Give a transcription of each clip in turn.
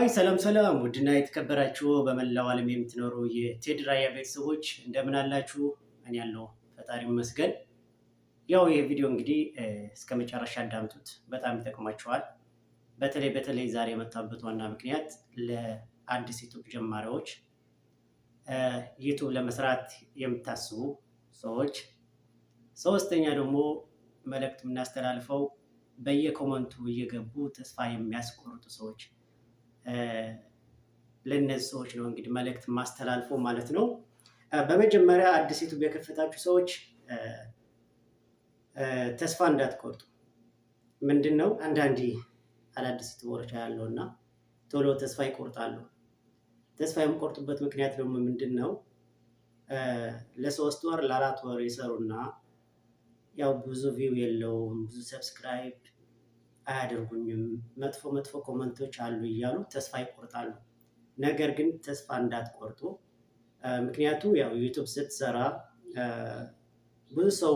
ሀይ ሰላም ሰላም፣ ውድና የተከበራችሁ በመላው ዓለም የምትኖሩ የቴድ ራያ ቤተሰቦች እንደምን አላችሁ? እኔ ያለው ፈጣሪ ይመስገን። ያው ይህ ቪዲዮ እንግዲህ እስከ መጨረሻ አዳምጡት፣ በጣም ይጠቅማችኋል። በተለይ በተለይ ዛሬ የመጣበት ዋና ምክንያት ለአዲስ ዩቱብ ጀማሪዎች ዩቱብ ለመስራት የምታስቡ ሰዎች፣ ሶስተኛ ደግሞ መልእክት የምናስተላልፈው በየኮመንቱ እየገቡ ተስፋ የሚያስቆርጡ ሰዎች ለእነዚህ ሰዎች ነው እንግዲህ መልእክት ማስተላልፎ ማለት ነው። በመጀመሪያ አዲስ ዩቱብ የከፈታችሁ ሰዎች ተስፋ እንዳትቆርጡ። ምንድን ነው አንዳንድ አዳዲስ ዩቱበሮች ያለው እና ቶሎ ተስፋ ይቆርጣሉ። ተስፋ የሚቆርጡበት ምክንያት ደግሞ ምንድን ነው? ለሶስት ወር ለአራት ወር ይሰሩና ያው ብዙ ቪው የለውም ብዙ ሰብስክራይብ አያደርጉኝም፣ መጥፎ መጥፎ ኮመንቶች አሉ እያሉ ተስፋ ይቆርጣሉ። ነገር ግን ተስፋ እንዳትቆርጡ። ምክንያቱ ያው ዩቱብ ስትሰራ ብዙ ሰው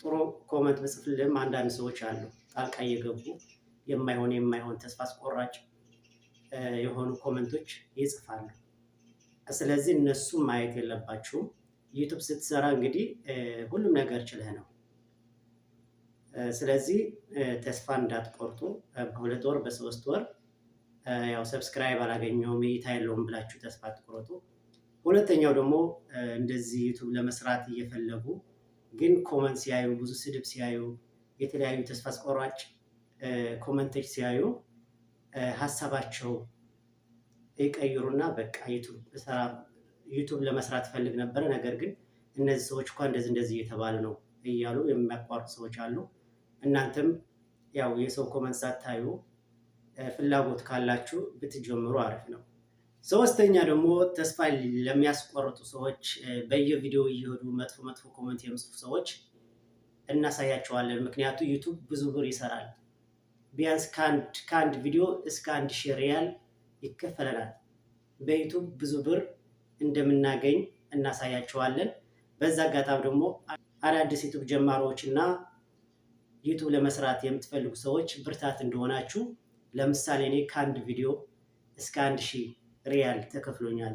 ጥሩ ኮመንት ብጽፍልም አንዳንድ ሰዎች አሉ ጣልቃ እየገቡ የማይሆን የማይሆን ተስፋ አስቆራጭ የሆኑ ኮመንቶች ይጽፋሉ። ስለዚህ እነሱ ማየት የለባችሁም። ዩቱብ ስትሰራ እንግዲህ ሁሉም ነገር ችለህ ነው ስለዚህ ተስፋ እንዳትቆርጡ። በሁለት ወር በሶስት ወር ያው ሰብስክራይብ አላገኘውም እይታ የለውም ብላችሁ ተስፋ አትቆርጡ። ሁለተኛው ደግሞ እንደዚህ ዩቱብ ለመስራት እየፈለጉ ግን ኮመንት ሲያዩ ብዙ ስድብ ሲያዩ የተለያዩ ተስፋ አስቆራጭ ኮመንቶች ሲያዩ ሀሳባቸው ይቀይሩና በቃ ዩቱብ ለመስራት ፈልግ ነበረ፣ ነገር ግን እነዚህ ሰዎች እንኳ እንደዚህ እንደዚህ እየተባለ ነው እያሉ የሚያቋርጡ ሰዎች አሉ። እናንተም ያው የሰው ኮመንት ሳታዩ ፍላጎት ካላችሁ ብትጀምሩ አሪፍ ነው። ሶስተኛ ደግሞ ተስፋ ለሚያስቆርጡ ሰዎች በየቪዲዮ እየሄዱ መጥፎ መጥፎ ኮመንት የሚጽፉ ሰዎች እናሳያቸዋለን። ምክንያቱ ዩቱብ ብዙ ብር ይሰራል። ቢያንስ ከአንድ ቪዲዮ እስከ አንድ ሺህ ሪያል ይከፈለናል። በዩቱብ ብዙ ብር እንደምናገኝ እናሳያቸዋለን። በዛ አጋጣሚ ደግሞ አዳዲስ ዩቱብ ጀማሪዎች እና ዩቱብ ለመስራት የምትፈልጉ ሰዎች ብርታት እንደሆናችሁ ለምሳሌ እኔ ከአንድ ቪዲዮ እስከ አንድ ሺህ ሪያል ተከፍሎኛል።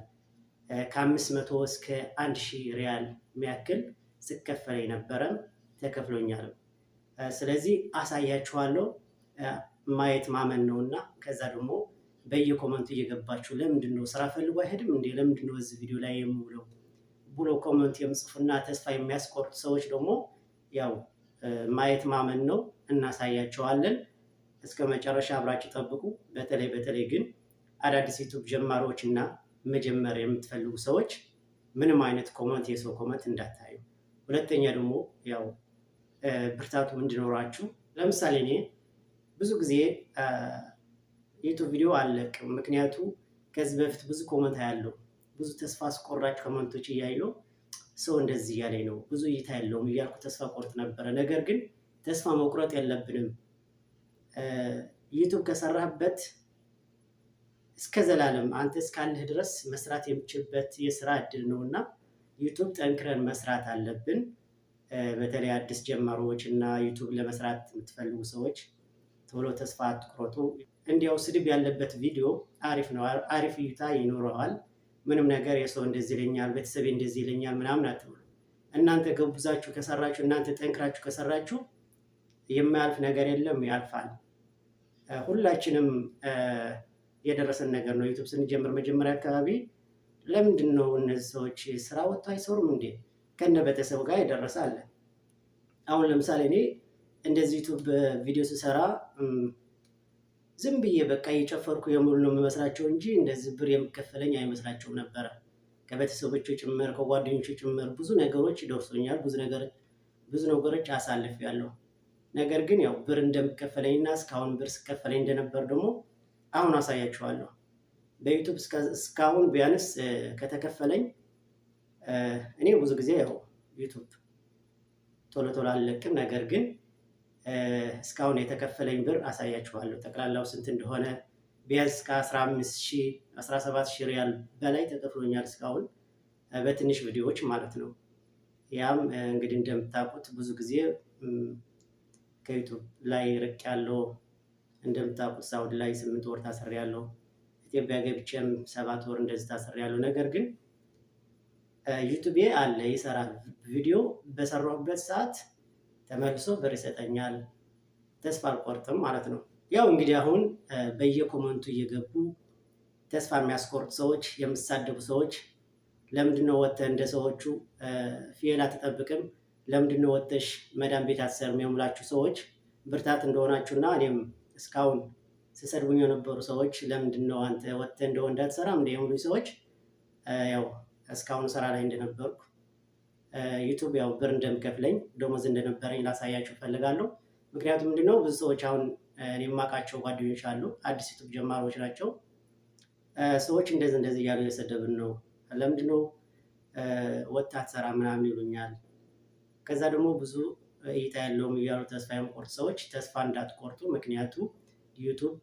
ከአምስት መቶ እስከ አንድ ሺህ ሪያል የሚያክል ስከፈለ የነበረም ተከፍሎኛል። ስለዚህ አሳያችኋለሁ። ማየት ማመን ነው እና ከዛ ደግሞ በየኮመንቱ እየገባችሁ ለምንድን ነው ስራ ፈልጎ አይሄድም እንዴ? ለምንድን ነው እዚህ ቪዲዮ ላይ የምውለው ብሎ ኮመንት የምጽፉና ተስፋ የሚያስቆርጡ ሰዎች ደግሞ ያው ማየት ማመን ነው። እናሳያቸዋለን። እስከ መጨረሻ አብራችሁ ጠብቁ። በተለይ በተለይ ግን አዳዲስ ዩቱብ ጀማሪዎች እና መጀመር የምትፈልጉ ሰዎች ምንም አይነት ኮመንት የሰው ኮመንት እንዳታዩ። ሁለተኛ ደግሞ ያው ብርታቱ እንዲኖራችሁ። ለምሳሌ እኔ ብዙ ጊዜ ዩቱብ ቪዲዮ አለቅም፣ ምክንያቱ ከዚህ በፊት ብዙ ኮመንት ያለው ብዙ ተስፋ አስቆራጭ ኮመንቶች እያየሁ ሰው እንደዚህ እያለኝ ነው ብዙ እይታ ያለውም እያልኩ ተስፋ ቆርጥ ነበረ። ነገር ግን ተስፋ መቁረጥ የለብንም። ዩቱብ ከሰራህበት እስከ ዘላለም አንተ እስካለህ ድረስ መስራት የምችልበት የስራ እድል ነው እና ዩቱብ ጠንክረን መስራት አለብን። በተለይ አዲስ ጀማሪዎች እና ዩቱብ ለመስራት የምትፈልጉ ሰዎች ቶሎ ተስፋ አትቁረጡ። እንዲያው ስድብ ያለበት ቪዲዮ አሪፍ ነው፣ አሪፍ እይታ ይኖረዋል። ምንም ነገር የሰው እንደዚህ ይለኛል፣ ቤተሰቤ እንደዚህ ይለኛል ምናምን አትበሉ። እናንተ ገብዛችሁ ከሰራችሁ፣ እናንተ ጠንክራችሁ ከሰራችሁ የማያልፍ ነገር የለም፣ ያልፋል። ሁላችንም የደረሰን ነገር ነው። ዩቱብ ስንጀምር መጀመሪያ አካባቢ ለምንድን ነው እነዚህ ሰዎች ስራ ወጥቶ አይሰሩም እንዴ? ከነ ቤተሰቡ ጋር የደረሰ አለ። አሁን ለምሳሌ እኔ እንደዚህ ዩቱብ ቪዲዮ ስሰራ ዝም ብዬ በቃ እየጨፈርኩ የሙሉ ነው የሚመስላቸው እንጂ እንደዚህ ብር የምከፈለኝ አይመስላቸውም ነበረ። ከቤተሰቦች ጭምር ከጓደኞች ጭምር ብዙ ነገሮች ይደርሶኛል። ብዙ ነገር ብዙ ነገሮች አሳልፌያለሁ። ነገር ግን ያው ብር እንደምከፈለኝ እና እስካሁን ብር ስከፈለኝ እንደነበር ደግሞ አሁን አሳያችኋለሁ። በዩቱብ እስካሁን ቢያንስ ከተከፈለኝ እኔ ብዙ ጊዜ ያው ዩቱብ ቶሎ ቶሎ አልለቅም። ነገር ግን እስካሁን የተከፈለኝ ብር አሳያችኋለሁ ጠቅላላው ስንት እንደሆነ ቢያንስ ከ15 17 ሪያል በላይ ተከፍሎኛል እስካሁን በትንሽ ቪዲዮዎች ማለት ነው። ያም እንግዲህ እንደምታውቁት ብዙ ጊዜ ከዩቱብ ላይ ርቅ ያለው እንደምታውቁት ሳውዲ ላይ ስምንት ወር ታሰር ያለው ኢትዮጵያ ገብቼም ሰባት ወር እንደዚህ ታሰር ያለው ነገር ግን ዩቱቤ አለ ይሰራል ቪዲዮ በሰራሁበት ሰዓት ተመልሶ ብር ይሰጠኛል። ተስፋ አልቆርጥም ማለት ነው። ያው እንግዲህ አሁን በየኮመንቱ እየገቡ ተስፋ የሚያስቆርጥ ሰዎች፣ የምሳደቡ ሰዎች ለምንድነው ወጥተህ እንደ ሰዎቹ ፊል አትጠብቅም? ለምንድነው ወጥተሽ መዳን ቤት አትሰርም? የሙላችሁ ሰዎች ብርታት እንደሆናችሁ እና እኔም እስካሁን ስሰድቡኝ የነበሩ ሰዎች ለምንድነው አንተ ወጥተህ እንደ ወንድ እንደ የሙሉ ሰዎች ያው እስካሁን ስራ ላይ እንደነበርኩ ዩቱብ ያው ብር እንደምከፍለኝ ደሞዝ እንደነበረኝ ላሳያችሁ እፈልጋለሁ። ምክንያቱም ምንድነው ብዙ ሰዎች አሁን የማውቃቸው ጓደኞች አሉ፣ አዲስ ዩቱብ ጀማሪዎች ናቸው። ሰዎች እንደዚህ እንደዚህ እያሉ የሰደብን ነው። ለምንድነው ወጣት ሰራ ምናምን ይሉኛል። ከዛ ደግሞ ብዙ እይታ ያለውም እያሉ ተስፋ የምቆርጥ ሰዎች ተስፋ እንዳትቆርጡ። ምክንያቱ ዩቱብ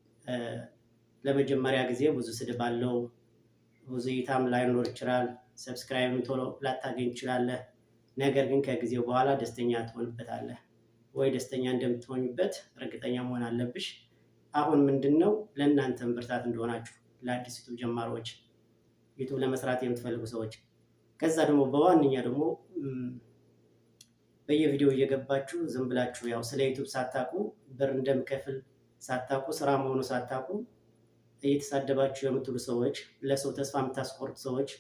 ለመጀመሪያ ጊዜ ብዙ ስድብ አለው። ብዙ እይታም ላይኖር ይችላል። ሰብስክራይብም ቶሎ ላታገኝ ይችላለህ። ነገር ግን ከጊዜው በኋላ ደስተኛ ትሆንበታለህ ወይ ደስተኛ እንደምትሆኝበት እርግጠኛ መሆን አለብሽ። አሁን ምንድን ነው ለእናንተም ብርታት እንደሆናችሁ ለአዲስ ዩቱብ ጀማሪዎች፣ ዩቱብ ለመስራት የምትፈልጉ ሰዎች ከዛ ደግሞ በዋነኛ ደግሞ በየቪዲዮ እየገባችሁ ዝም ብላችሁ ያው ስለ ዩቱብ ሳታቁ ብር እንደምከፍል ሳታቁ ስራ መሆኑ ሳታቁ እየተሳደባችሁ የምትሉ ሰዎች፣ ለሰው ተስፋ የምታስቆርጡ ሰዎች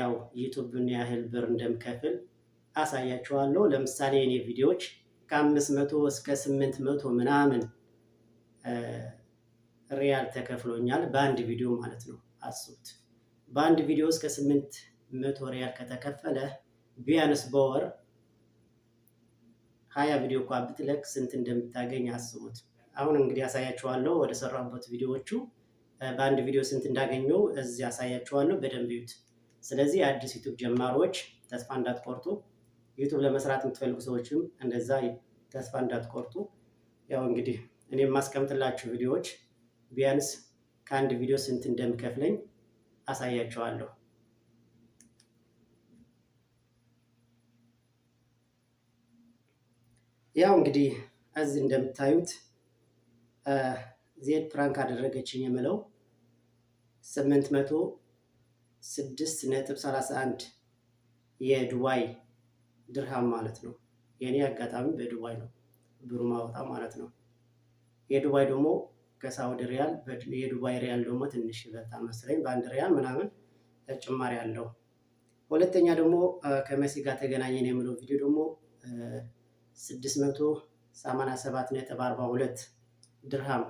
ያው ዩቱብን ያህል ብር እንደምከፍል አሳያችኋለሁ። ለምሳሌ እኔ ቪዲዮዎች ከአምስት መቶ እስከ ስምንት መቶ ምናምን ሪያል ተከፍሎኛል በአንድ ቪዲዮ ማለት ነው። አስቡት በአንድ ቪዲዮ እስከ ስምንት መቶ ሪያል ከተከፈለ ቢያንስ በወር ሀያ ቪዲዮ እኳ ብትለቅ ስንት እንደምታገኝ አስቡት። አሁን እንግዲህ አሳያችኋለሁ ወደ ሰራሁበት ቪዲዮዎቹ በአንድ ቪዲዮ ስንት እንዳገኘው እዚህ አሳያችኋለሁ። በደንብ ዩት ስለዚህ አዲስ ዩቱብ ጀማሪዎች ተስፋ እንዳትቆርጡ። ዩቱብ ለመስራት የምትፈልጉ ሰዎችም እንደዛ ተስፋ እንዳትቆርጡ። ያው እንግዲህ እኔ የማስቀምጥላችሁ ቪዲዮዎች ቢያንስ ከአንድ ቪዲዮ ስንት እንደምከፍለኝ አሳያችኋለሁ። ያው እንግዲህ እዚህ እንደምታዩት ዜድ ፕራንክ አደረገችኝ የምለው ስምንት መቶ ስድስት ነጥብ ሰላሳ አንድ የዱባይ ድርሃም ማለት ነው። የእኔ አጋጣሚ በዱባይ ነው ብሩ ማወጣ ማለት ነው። የዱባይ ደግሞ ከሳውዲ ሪያል የዱባይ ሪያል ደግሞ ትንሽ ይበልጣል መሰለኝ በአንድ ሪያል ምናምን ጭማሪ አለው። ሁለተኛ ደግሞ ከመሲ ጋር ተገናኘን የሚለው ቪዲዮ ደግሞ 687.42 ድርሃም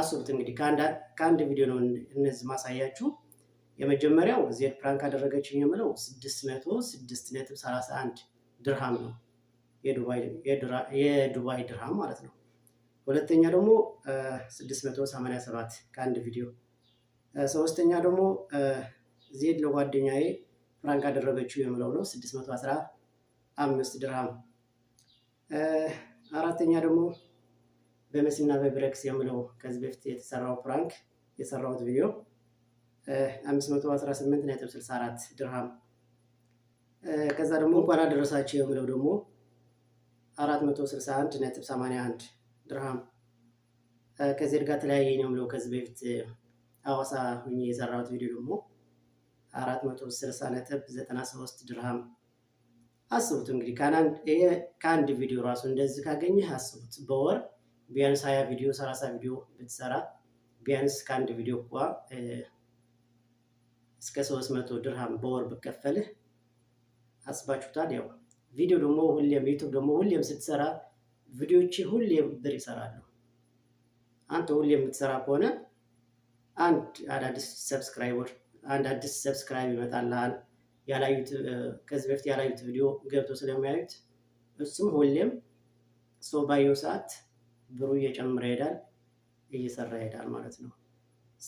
አስቡት እንግዲህ ከአንድ ቪዲዮ ነው እነዚህ ማሳያችሁ የመጀመሪያው ዜድ ፕራንክ አደረገችኝ የምለው 606.31 ድርሃም ነው፣ የዱባይ ድርሃም ማለት ነው። ሁለተኛ ደግሞ 687 ከአንድ ቪዲዮ። ሶስተኛ ደግሞ ዜድ ለጓደኛዬ ፕራንክ አደረገችው የምለው ነው 615 ድርሃም። አራተኛ ደግሞ በመሲና በብረክስ የምለው ከዚህ በፊት የተሰራው ፕራንክ የሰራሁት ቪዲዮ 518.64 ድርሃም። ከዛ ደግሞ እንኳን አደረሳችሁ የምለው ደግሞ 461.81 ድርሃም። ከዚህ ጋር ተለያየ ነው የምለው ከዚህ በፊት ሐዋሳ ሁኜ የሰራሁት ቪዲዮ ደግሞ 460.93 ድርሃም። አስቡት እንግዲህ ከአንድ ቪዲዮ ራሱ እንደዚህ ካገኘህ አስቡት በወር ቢያንስ 20 ቪዲዮ 30 ቪዲዮ ብትሰራ ቢያንስ ከአንድ ቪዲዮ እንኳ እስከ 300 ድርሃም በወር ብከፈልህ አስባችሁታል። ያው ቪዲዮ ደግሞ ሁሌም ዩቱብ ደግሞ ሁሌም ስትሰራ ቪዲዮዎች ሁሌም ብር ይሰራሉ። አንተ ሁሌም የምትሰራ ከሆነ አንድ አዳዲስ ሰብስክራይበር አንድ አዲስ ሰብስክራይብ ይመጣልሃል። ያላዩት ከዚህ በፊት ያላዩት ቪዲዮ ገብቶ ስለሚያዩት እሱም ሁሌም ሰው ባየው ሰዓት ብሩ እየጨመረ ይሄዳል፣ እየሰራ ይሄዳል ማለት ነው።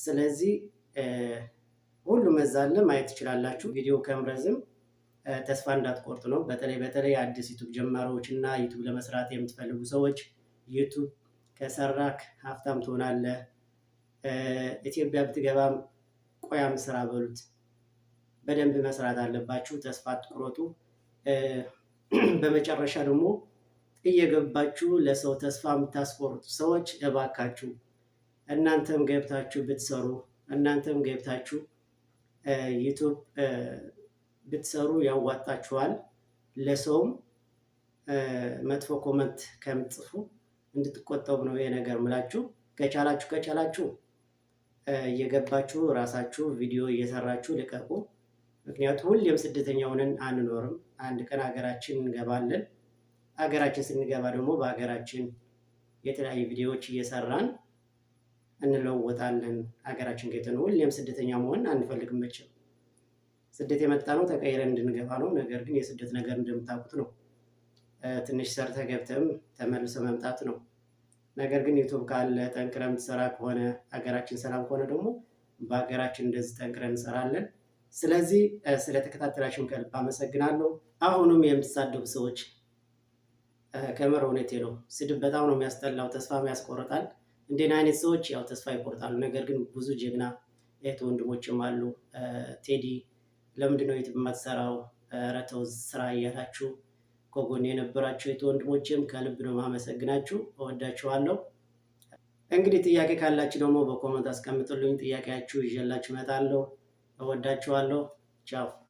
ስለዚህ ሁሉም እዛ አለ ማየት ትችላላችሁ። ቪዲዮ ከምረዝም ተስፋ እንዳትቆርጥ ነው። በተለይ በተለይ አዲስ ዩቱብ ጀማሪዎች እና ዩቱብ ለመስራት የምትፈልጉ ሰዎች ዩቱብ ከሰራክ ሀብታም ትሆናለህ፣ ኢትዮጵያ ብትገባም ቆያም ስራ በሉት። በደንብ መስራት አለባችሁ። ተስፋ አትቁረጡ። በመጨረሻ ደግሞ እየገባችሁ ለሰው ተስፋ የምታስቆርጡ ሰዎች እባካችሁ እናንተም ገብታችሁ ብትሰሩ እናንተም ገብታችሁ ዩቱብ ብትሰሩ ያዋጣችኋል። ለሰውም መጥፎ ኮመንት ከምትጽፉ እንድትቆጠቡ ነው ይሄ ነገር ምላችሁ። ከቻላችሁ ከቻላችሁ እየገባችሁ ራሳችሁ ቪዲዮ እየሰራችሁ ልቀቁ። ምክንያቱም ሁሌም ስደተኛ ሆነን አንኖርም። አንድ ቀን ሀገራችን እንገባለን። ሀገራችን ስንገባ ደግሞ በሀገራችን የተለያዩ ቪዲዮዎች እየሰራን እንለወጣለን። ሀገራችን ጌጥ ነው። ሁሌም ስደተኛ መሆን አንፈልግም። መቼም ስደት የመጣ ነው ተቀይረን እንድንገፋ ነው። ነገር ግን የስደት ነገር እንደምታውቁት ነው። ትንሽ ሰርተ ገብተም ተመልሶ መምጣት ነው። ነገር ግን ዩቱብ ካለ ጠንክረ የምትሰራ ከሆነ ሀገራችን ሰላም ከሆነ ደግሞ በሀገራችን እንደዚህ ጠንክረ እንሰራለን። ስለዚህ ስለተከታተላችሁን ከልብ አመሰግናለሁ። አሁንም የምትሳደቡ ሰዎች ከምር እውነቴ ነው። ስድብ በጣም ነው የሚያስጠላው፣ ተስፋም ያስቆርጣል። እንደን አይነት ሰዎች ያው ተስፋ ይቆርጣሉ። ነገር ግን ብዙ ጀግና እህት ወንድሞችም አሉ። ቴዲ ለምንድን ነው ዩቲዩብ የማትሰራው? ኧረ ተው ስራ እያላችሁ ከጎን የነበራችሁ እህት ወንድሞችም ከልብ ነው ማመሰግናችሁ። እወዳችኋለሁ። እንግዲህ ጥያቄ ካላችሁ ደግሞ በኮመንት አስቀምጡልኝ። ጥያቄያችሁ ይዤላችሁ እመጣለሁ። እወዳችኋለሁ። ቻው